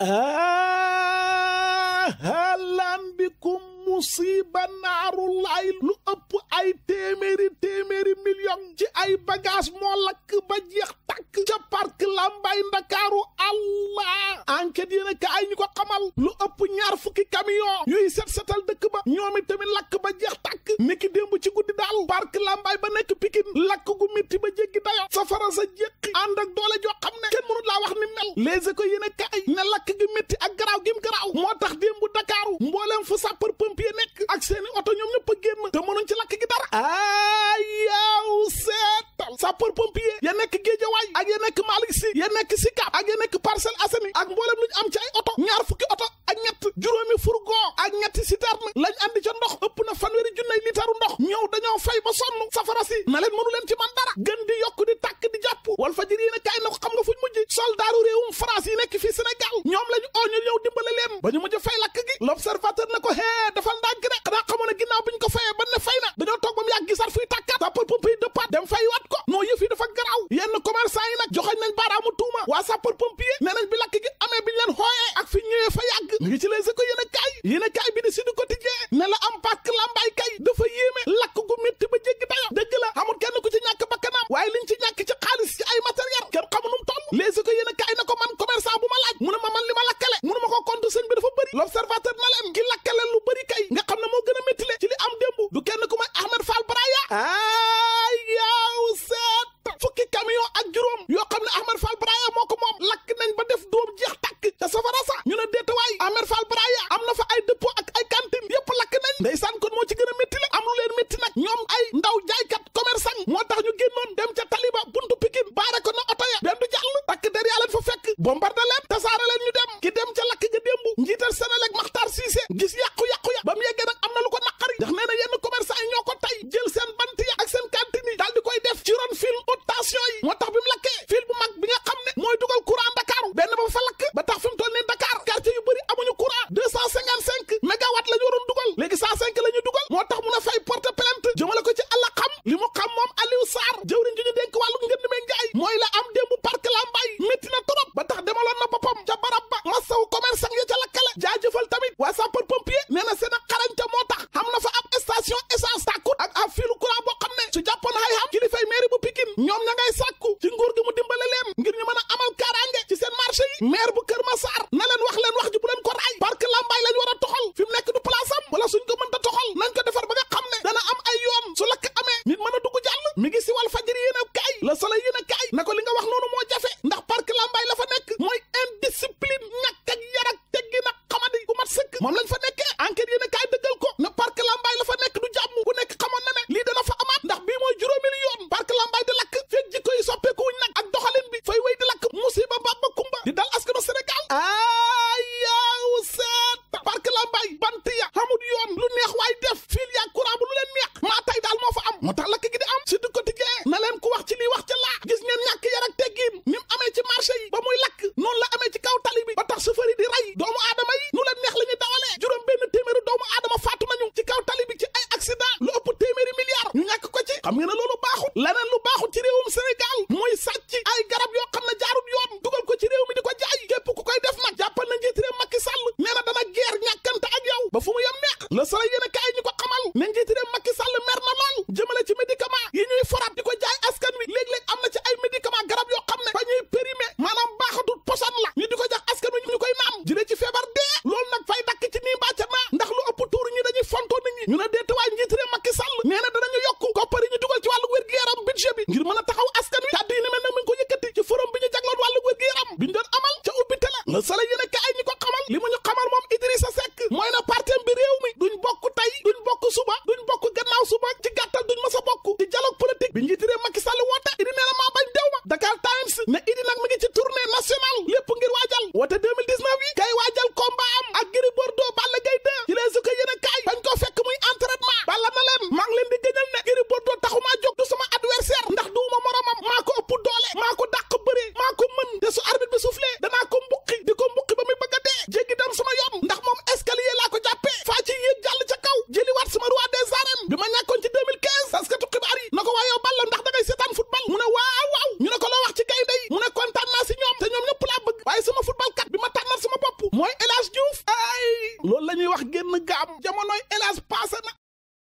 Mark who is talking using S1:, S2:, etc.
S1: ahlan bikum musiba naru lay lu ëpp ay temeri temeri million ci ay bagage mo lakk ba jeex tak ca park Lambaye ndakaru allah enquête yéen a ay ñuko xamal lu ëpp ñaar fukki camion yooyu set setal dëkk ba ñoom tamit lakk ba jeex tak niki demb ci guddi dal park Lambaye ba nekk Pikine lakk gu metti ba jéggi dayo safara sa jéqi ànd ak doole jo xamne laa wax ni mel les écoles yéen a kaay ne lakk gi métti ak garaaw gi mu garaaw moo tax démb bu Dakaaru mbooleem fu sapeur pompier nekk ak seeni oto ñoom ñëpp a génn te mënuñ ci lakk gi dara aa yaw seetal sapeur ya nekk Géejawaay ak ya nekk Malick Sy ya nekk Sicap ak ya nekk Parcelles Assainies ak mbooleem lu am ci ay oto ñaar fukki oto ak ñett juróomi fourgon ak ñetti citerne lañ andi ca ndox ëpp na fanweeri junney liitaru ndox ñëw dañoo fay ba sonn safara soldaaru réewum France yi nekk fii Sénégal ñoom la oo ñu ñëw dimbale leen ba ñu fay lakk gi l'observateur na ko hee defal ndànk de xanaa xamoon ne ginnaaw bi ñu ko fayee ba fay na dañoo toog mu yàgg gisaat fuy tàkkaat sapeur pompier dëppaat dem fay waat ko noo yëf yi dafa garaaw yenn commerçant yi nag joxoñ nañ baaraamu tuuma waa sapeur pompier nee bi lakk gi amee bi ñu leen xooyee ak fi ñëwee fa yàgg ñu ci les écoles yéen a kaay yéen a kaay l'observateur na leen ki lakkale lu bëri kay nga xam ne moo gën a méttile ci li am démb du kenn ku may Ahmed Fall Braya aa yaaw seet fukki camion ak juróom yoo xam ne Ahmed Fall Braya moo ko moom lakk nañ ba def dóom jeex takk te safara sa ñu ne déeta dafa lakk ba tax fi toll nii Dakar quartier yu bëri amuñu courant deux cent waroon dugal léegi cent dugal moo tax mun a fay porte plainte jëmale ko ci àlla xam li xam moom Aliou Sarr jëwriñ maire bu Kër Massar na leen wax leen wax ji bu leen ko raay parce que lañ war a toxal fi mu nekk du place am wala suñ ko mënta toxal nañ ko defar ba nga xam ne dana am ay yoon su lakk amee nit mën a dugg jàll mi ngi si wal fajiri a kaay la sala yéen a kaay na ko li nga wax noonu moo jafe ndax parc Lambaye la fa nekk mooy indiscipline ñàkk ak yar ak teggi nag xamadi gu mat sëkk moom lañ fa nekkee enquête yéen moo tax lakk gi di am surtout quotidien na leen ku wax ci lii wax ca laa gis ngeen ñàkk yar ak teggin ni amee ci marché yi ba muy lakk noonu la amee ci kaw tali ba tax chauffeur di rey doomu aadama yi nu leen neex la dawalee juróom benn téeméeri doomu aadama faatu nañu ci kaw tali ci ay accident lu ëpp téeméeri milliards ñu ñàkk ko ci xam ngeen loolu baaxut leneen lu baaxut ci réewum Sénégal mooy ngir mën a taxaw askan wi kàddu yi ni mel na mu ngi ko yëkkati ci forum bi ñu jagloon wàllu wér yaram bi ñu doon amal ca ubbi tala la sala yéen a ñu ko xamal li xamal moom Idrissa Seck mooy na partem bi duñ bokk tey duñ bokk suba duñ bokk gannaaw suba ci gàttal duñ mës a bokk di dialogue politique bi njiit réew Macky Sall woote idi nee maa bañ dew ma Dakar Times ne idi mi ngi ci tournée nationale lépp ngir waajal woote